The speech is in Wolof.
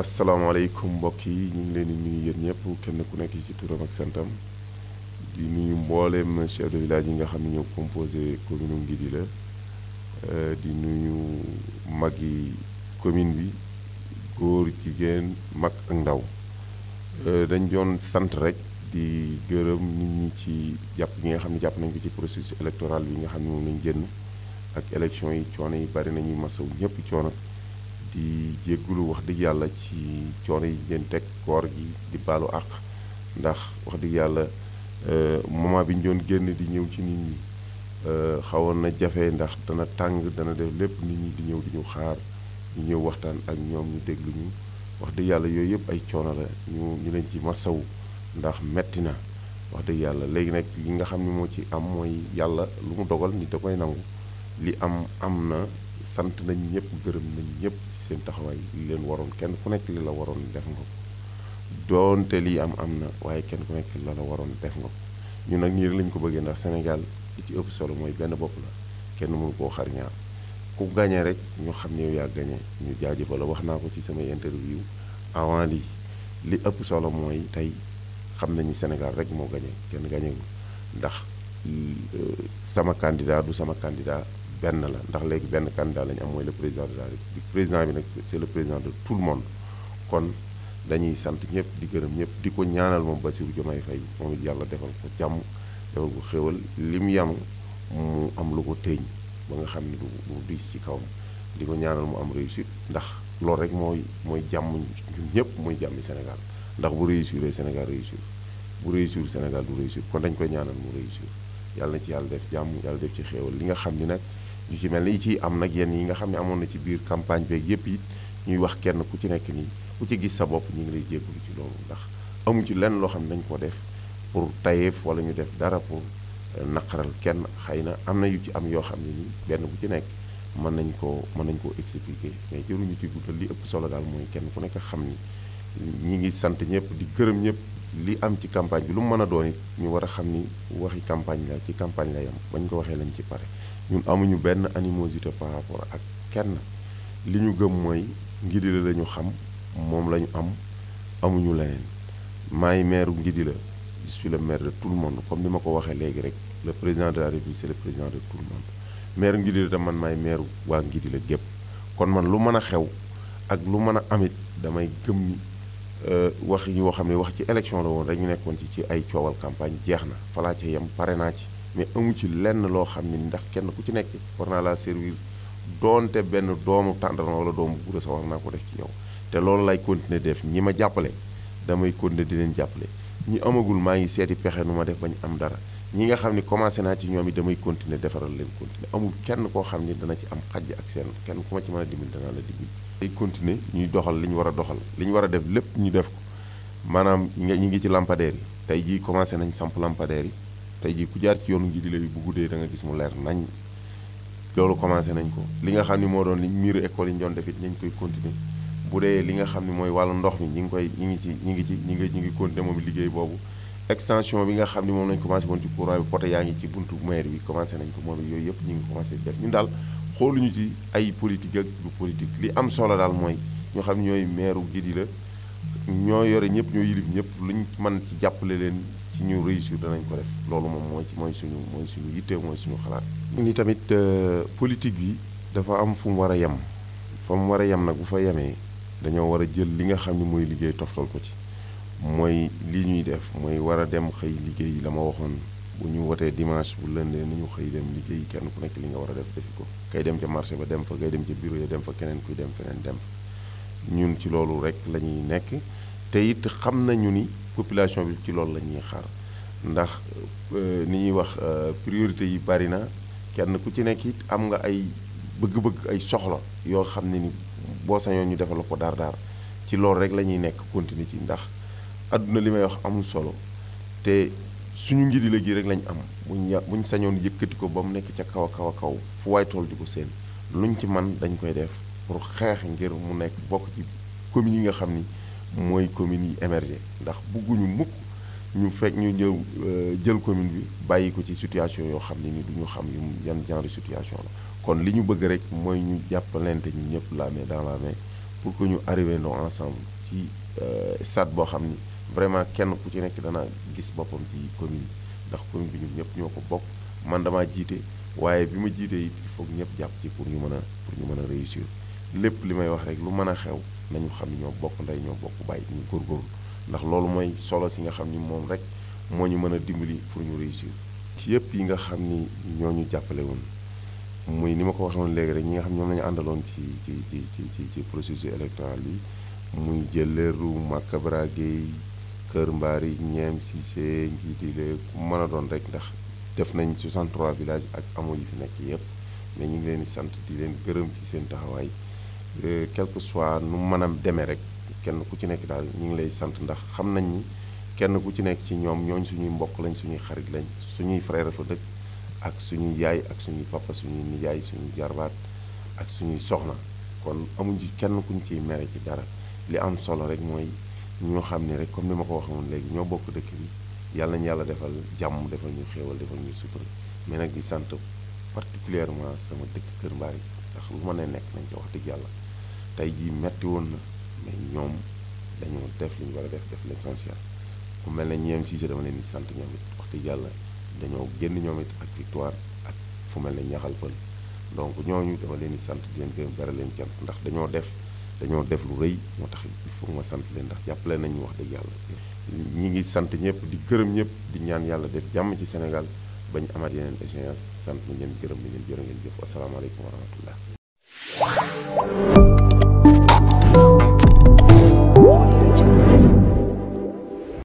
asalaamaaleykum mbokk yi ñu ngi leen di nuyu yéen ñëpp kenn ku nekk ci turam ak santam di nuyu mbooleem chef de village yi nga xam ne ñoo composé commune Nguidi la euh, di nuyu mag yi commune bi góor jigéen mag ak ndaw euh, dañ doon sant rek di gërëm nit ñi ci jàpp gi nga xam ne jàpp nañ ko ci processus électoral bi nga xam ne moom lañ génn ak élection yi coono yi bari nañuy masaw ñëpp coono. di jéggulu wax dëgg yàlla ci coono yi ngeen teg koor gi di baalu àq ndax wax dëgg yàlla euh, moment bi ñu doon génn di ñëw ci nit ñi euh, xawoon na jafe ndax dana tàng dana def lépp nit ñi di ñëw di ñu xaar ñu ñëw waxtaan ak ñoom ñu déglu ñu wax dëgg yàlla yooyu yëpp ay coono la ñu ñu leen ci masawu ndax metti na wax dëgg yàlla léegi nag yi nga xam ne moo ci am mooy yàlla lu mu dogal nit da koy nangu li am am na sant nañ ñëpp gërëm nañ ñëpp ci seen taxawaay li leen waroon kenn ku nekk li la waroon def nga ko doonte lii am am na waaye kenn ku nekk la la waroon def nga ko ñun nag ñii lañ ko bëggee ndax senegal li ci ëpp solo mooy benn bopp la kenn mënu koo xar ku gañee rek ñu xam ne yow yaa gañee ñu jaajëfal la wax naa ko ci samay interview avant lii li ëpp solo mooy tey xam nañu Sénégal rek moo gañee kenn gañewul ndax euh, sama candidat du sama candidat benn la ndax léegi benn candidat lañu am mooy le président de la président bi nag c'est le président de tout le kon dañuy sant ñëpp di gërëm ñëpp di ko ñaanal moom Bassirou Diomaye Faye moom it yàlla defal ko jàmm xéwal li mu yanu am lu ko téeñ ba nga xam ne du du diis ci kawam ko ñaanal mu am réussite ndax loolu rek mooy mooy jàmm ñun ñëpp mooy jàmmi Sénégal ndax bu réussir Sénégal réussir bu réussir Sénégal du réussir kon dañ koy ñaanal mu réussir yàlla ci yàlla def jàmm yàlla def ci xéewal li nga xam ni nag yu ci mel yi ciy am nag yenn yi nga xam ne amoon na ci biir campagne beeg yépp it ñuy wax kenn ku ci nekk nii ku ci gis sa bopp ñu ngi lay jégalu ci loolu ndax amu ci lenn loo xam ne dañ ko def pour tayeef wala ñu def dara pour euh, naqaral kenn xëy na am na yu ci am yoo xam ne nii benn bu ci nekk mën nañ ko mën nañ koo expliquer mais jëruñu ci guddal li ëpp solo daal mooy kenn ku nekk xam ni ñi ngi sant ñëpp di gërëm ñëpp li am ci campagne bi lu mu mën a doon it ñu war a xam ni waxi campagne la ci campagne la yam bañ ko waxee lañ ci pare ñun amuñu benn animosité par rapport ak kenn li ñu gëm mooy Ngidila la ñu xam moom lañu am amuñu leneen maay maire Ngidila je suis le maire de tout le monde comme ni ma ko waxee léegi rek le président de la République c'est le président de tout le monde maire Ngidila tam man maay maire waa Ngidila gépp kon man lu mën a xew ak lu mën a amit damay gëm ni euh, wax yi yoo xam ne wax ci élection la woon rek ñu nekkoon ci ci ay coowal campagne jeex na falaa ca yem pare naa ci mais amu ci lenn loo xam ne ndax kenn ku ci nekk war naa laa servir doonte benn doomu tàndarma wala doomu guura sa war naa ko def ci yow te loolu lay continuer def ñi ma jàppale damay continuer di leen jàppale ñi amagul maa ngi seeti pexe nu ma def ba am dara ñi nga xam ne commencé naa ci ñoom yi damay continuer defaral leen continuer amul kenn koo xam ni dana ci am xaj ak seen kenn ku ma ci mën a dimbali danaa la dimbali day continuer ñuy doxal li ñu war a doxal li ñu war a def lépp ñu def ko maanaam ñi ngi ci lampadaire tey jii commencé nañ samp lampadaire yi tey jii ku jaar ci yoonu ngi di lay bu guddee da nga gis mu leer nañ loolu commencé nañ ko li nga xam ni moo doon li miiru école yi doon def it nañ koy continuer bu dee li nga xam mooy wàllu ndox mi ñi ngi koy ñi ngi ci ñi ngi ci ñi ngi ñi ngi continuer moom liggéey boobu extension bi nga xam ni moom nañ commencé woon ci courant bi poté yaa ngi ci buntu maire bi commencé nañ ko moom yooyu yëpp ñi ngi commencé def ñu daal xooluñu ci ay politique ak du politique li am solo daal mooy ñu xam ne ñooy maire Gidi la ñoo yore ñëpp ñoo yilif lu ñu man ci jàppale leen ci ñu réussir danañ ko def loolu moom mooy mooy suñu mooy suñu yitte mooy suñu xalaat. ni tamit euh, politique bi dafa am fu mu war a yem fa mu war a yem nag bu fa yemee dañoo war a jël li nga xam ni mooy liggéey toftal ko ci mooy li ñuy def mooy war a dem xëy liggéey la ma waxoon bu ñu wotee dimanche bu lëndee nañu xëy dem liggéey kenn ku nekk li nga war a def defi ko kay dem ca marché ba dem fa kay dem ca dem fa keneen kuy dem feneen dem fa ñun ci loolu rek lañuy nekk te it xam nañu ni population bi ci loolu lañuy ñuy xaar ndax euh, ni ñuy wax euh, priorité yi bari na kenn ku ci nekk it am nga ay bëgg-bëgg ay soxla yoo xam ne ni boo sañoon ñu defal ko daar daar ci loolu rek lañuy nekk continuer ci ndax àdduna li may wax amul solo te suñu ngidi la gi rek lañ am buñ buñ sañoon yëkkati ko ba mu nekk ca kaw a kaw a kaw fu waay tool di ko seen luñ ci man dañ koy def pour xeex ngir mu nekk bokk ci communes yi nga xam ni mooy communes yi émergées ndax bëgguñu mukk ñu fekk ñu ñëw euh, jël commune bi bàyyi ko ci situation yoo xam ne ni duñu ñu xam yu yan genre situation la kon li ñu bëgg rek mooy ñu jàppalante lente ñëpp la dans la main pour que ñu arrivé ndoo ensemble ci euh, stade boo xam ni vraiment kenn ku ci nekk dana gis boppam ci commune ndax commune bi ñun ñëpp ñoo ko bokk man damaa jiite waaye bi ma jiitee it il faut ñëpp jàpp ci pour ñu mën a pour ñu mën a réussir lépp li may wax rek lu mën a xew nañu xam ni ñoo bokk ndey ñoo bokk bàyyi ñu góorgóorlu ndax loolu mooy solo si nga xam ni moom rek moo ñu mën a dimbali pour ñu réussir ci yëpp yi nga xam ni ñoo ñu jàppale muy ni ma ko waxoon léegi rek ñi nga xam ñoom lañu àndaloon ci ci ci ci ci processus électoral jël muy jëleeru Makabra Gueye Kër Mbaari si Cissé ngi di lee ku mën a doon rek ndax def nañ 63 villages ak amul yi fi nekk yëpp mais ñu ngi leen di sant di leen gërëm ci seen taxawaay Euh, quelque que soit nu mën a demee rek kenn ku ci nekk daal ñu ngi lay sant ndax xam nañ ni kenn ku ci nekk ci ñoom ñooñ suñuy mbokk lañ suñuy xarit lañ suñuy frère fa dëkk ak suñuy yaay ak suñuy papa suñuy nijaay suñuy jarbaat ak suñuy soxna kon amuñ ci kenn ñu ciy mere ci dara li am solo rek mooy ñoo xam ne rek comme ni ma ko waxoon léegi ñoo bokk dëkk bi yàlla nañu yàlla defal jàmm defal ñu xéewal defal ñu sutura mais nag di sant particulièrement sama dëkk Kër ndax lu mën nekk nañ ci wax dëgg yàlla tey jii metti woon na mais ñoom dañoo def li ñu war a def def l'essentiel ku mel ne ñeem Cissé dama leen di sant ñoom it wax dëgg yàlla dañoo génn ñoom it ak victoire ak fu mel ne ñaxal pël donc ñooñu dama leen di sant di leen gërëm bare leen cant ndax dañoo def dañoo def lu rëy moo tax il faut ma sant leen ndax jàppale nañu wax dëgg yàlla ñi ngi sant ñëpp di gërëm ñëpp di ñaan yàlla def jàmm ci Sénégal bañ amaat yeneen échéance sant nañ leen gërëm nañ leen jërë ngeen jëf asalaamaaleykum